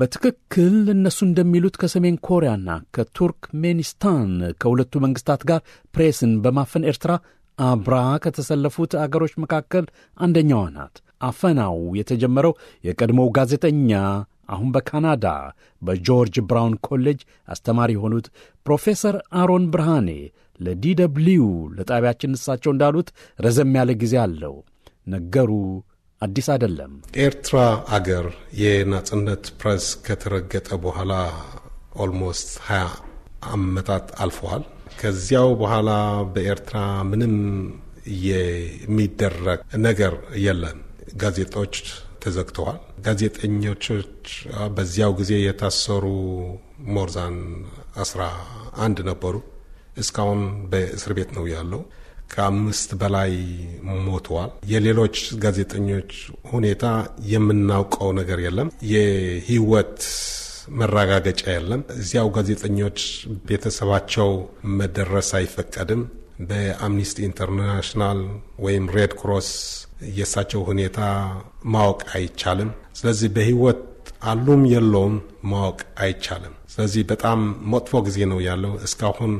በትክክል እነሱ እንደሚሉት ከሰሜን ኮሪያና ከቱርክሜኒስታን ከሁለቱ መንግሥታት ጋር ፕሬስን በማፈን ኤርትራ አብራ ከተሰለፉት አገሮች መካከል አንደኛዋ ናት። አፈናው የተጀመረው የቀድሞው ጋዜጠኛ አሁን በካናዳ በጆርጅ ብራውን ኮሌጅ አስተማሪ የሆኑት ፕሮፌሰር አሮን ብርሃኔ ለዲ ደብልዩ ለጣቢያችን እሳቸው እንዳሉት ረዘም ያለ ጊዜ አለው። ነገሩ አዲስ አይደለም። ኤርትራ አገር የናጽነት ፕሬስ ከተረገጠ በኋላ ኦልሞስት 20 አመታት አልፈዋል። ከዚያው በኋላ በኤርትራ ምንም የሚደረግ ነገር የለም። ጋዜጦች ተዘግተዋል። ጋዜጠኞች በዚያው ጊዜ የታሰሩ ሞርዛን አስራ አንድ ነበሩ። እስካሁን በእስር ቤት ነው ያለው። ከአምስት በላይ ሞተዋል። የሌሎች ጋዜጠኞች ሁኔታ የምናውቀው ነገር የለም። የህይወት መረጋገጫ የለም። እዚያው ጋዜጠኞች ቤተሰባቸው መደረስ አይፈቀድም። በአምኒስቲ ኢንተርናሽናል ወይም ሬድ ክሮስ የእሳቸው ሁኔታ ማወቅ አይቻልም። ስለዚህ በህይወት አሉም የለውም ማወቅ አይቻልም። ስለዚህ በጣም መጥፎ ጊዜ ነው ያለው እስካሁን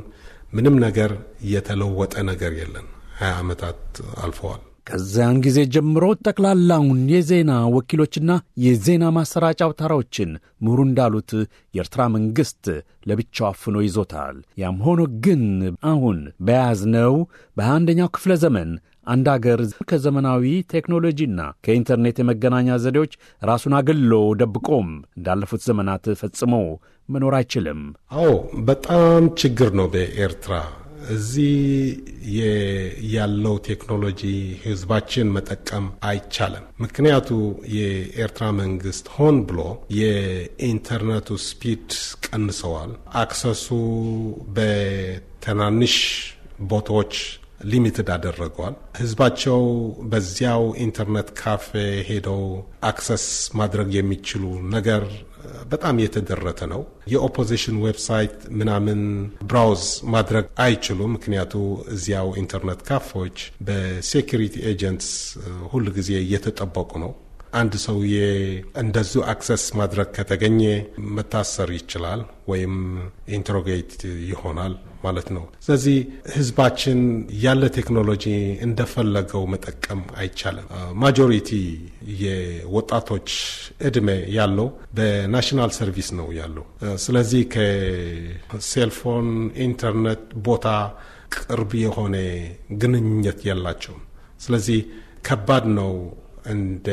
ምንም ነገር የተለወጠ ነገር የለም። ሀያ ዓመታት አልፈዋል። ከዚያን ጊዜ ጀምሮ ጠቅላላውን የዜና ወኪሎችና የዜና ማሰራጫ አውታሮችን ምሁሩ እንዳሉት የኤርትራ መንግሥት ለብቻው አፍኖ ይዞታል። ያም ሆኖ ግን አሁን በያዝነው በአንደኛው ክፍለ ዘመን አንድ አገር ከዘመናዊ ቴክኖሎጂና ከኢንተርኔት የመገናኛ ዘዴዎች ራሱን አግሎ ደብቆም እንዳለፉት ዘመናት ፈጽሞ መኖር አይችልም። አዎ፣ በጣም ችግር ነው በኤርትራ እዚህ ያለው ቴክኖሎጂ ህዝባችን መጠቀም አይቻልም። ምክንያቱ የኤርትራ መንግስት ሆን ብሎ የኢንተርኔቱ ስፒድ ቀንሰዋል። አክሰሱ በትናንሽ ቦታዎች ሊሚትድ አደረገዋል። ህዝባቸው በዚያው ኢንተርኔት ካፌ ሄደው አክሰስ ማድረግ የሚችሉ ነገር በጣም የተደረተ ነው። የኦፖዚሽን ዌብሳይት ምናምን ብራውዝ ማድረግ አይችሉም። ምክንያቱ እዚያው ኢንተርኔት ካፌዎች በሴኪሪቲ ኤጀንትስ ሁል ጊዜ እየተጠበቁ ነው። አንድ ሰውዬ እንደዙ አክሰስ ማድረግ ከተገኘ መታሰር ይችላል ወይም ኢንትሮጌት ይሆናል ማለት ነው። ስለዚህ ህዝባችን ያለ ቴክኖሎጂ እንደፈለገው መጠቀም አይቻልም። ማጆሪቲ የወጣቶች እድሜ ያለው በናሽናል ሰርቪስ ነው ያለው። ስለዚህ ከሴልፎን ኢንተርኔት ቦታ ቅርብ የሆነ ግንኙነት የላቸውም። ስለዚህ ከባድ ነው እንደ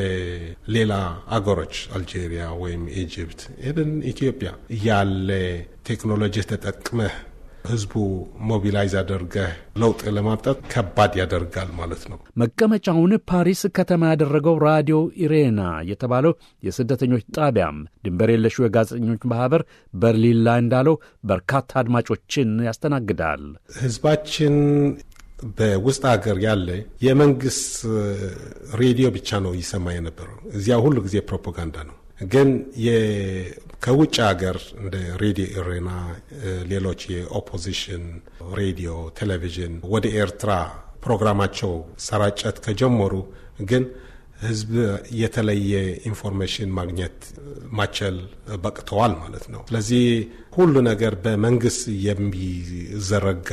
ሌላ አገሮች አልጄሪያ ወይም ኢጅፕት ኢቨን ኢትዮጵያ ያለ ቴክኖሎጂ ተጠቅመህ ህዝቡ ሞቢላይዝ አድርገህ ለውጥ ለማምጣት ከባድ ያደርጋል ማለት ነው። መቀመጫውን ፓሪስ ከተማ ያደረገው ራዲዮ ኢሬና የተባለው የስደተኞች ጣቢያም ድንበር የለሹ የጋዜጠኞች ማህበር በርሊን ላይ እንዳለው በርካታ አድማጮችን ያስተናግዳል። ህዝባችን በውስጥ ሀገር ያለ የመንግስት ሬዲዮ ብቻ ነው ይሰማ የነበረው። እዚያ ሁሉ ጊዜ ፕሮፓጋንዳ ነው። ግን ከውጭ ሀገር እንደ ሬዲዮ ኢሬና፣ ሌሎች የኦፖዚሽን ሬዲዮ ቴሌቪዥን ወደ ኤርትራ ፕሮግራማቸው ሰራጨት ከጀመሩ ግን ህዝብ የተለየ ኢንፎርሜሽን ማግኘት ማቸል በቅተዋል ማለት ነው። ስለዚህ ሁሉ ነገር በመንግስት የሚዘረጋ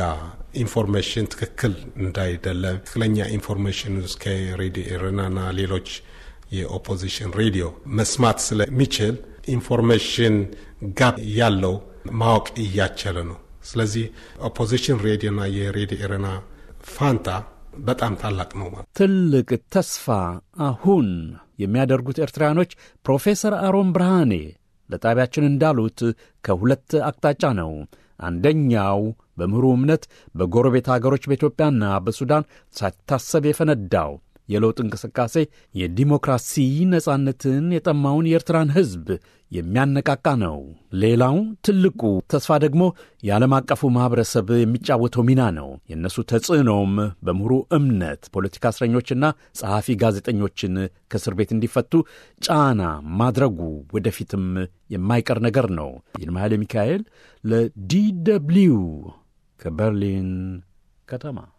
ኢንፎርሜሽን ትክክል እንዳይደለ ትክክለኛ ኢንፎርሜሽን እስከ ሬዲኤርናና ሌሎች የኦፖዚሽን ሬዲዮ መስማት ስለሚችል ኢንፎርሜሽን ጋፕ ያለው ማወቅ እያቸለ ነው። ስለዚህ ኦፖዚሽን ሬዲዮና ኤረና ፋንታ በጣም ታላቅ ነው ማለት ትልቅ ተስፋ አሁን የሚያደርጉት ኤርትራውያኖች ፕሮፌሰር አሮን ብርሃኔ ለጣቢያችን እንዳሉት ከሁለት አቅጣጫ ነው። አንደኛው በምሁሩ እምነት በጎረቤት አገሮች በኢትዮጵያና በሱዳን ሳይታሰብ የፈነዳው የለውጥ እንቅስቃሴ የዲሞክራሲ ነጻነትን የጠማውን የኤርትራን ሕዝብ የሚያነቃቃ ነው። ሌላው ትልቁ ተስፋ ደግሞ የዓለም አቀፉ ማኅበረሰብ የሚጫወተው ሚና ነው። የእነሱ ተጽዕኖውም በምሁሩ እምነት ፖለቲካ እስረኞችና ጸሐፊ ጋዜጠኞችን ከእስር ቤት እንዲፈቱ ጫና ማድረጉ ወደፊትም የማይቀር ነገር ነው። ይልማ ኃይለ ሚካኤል ለዲ ደብልዩ ከበርሊን ከተማ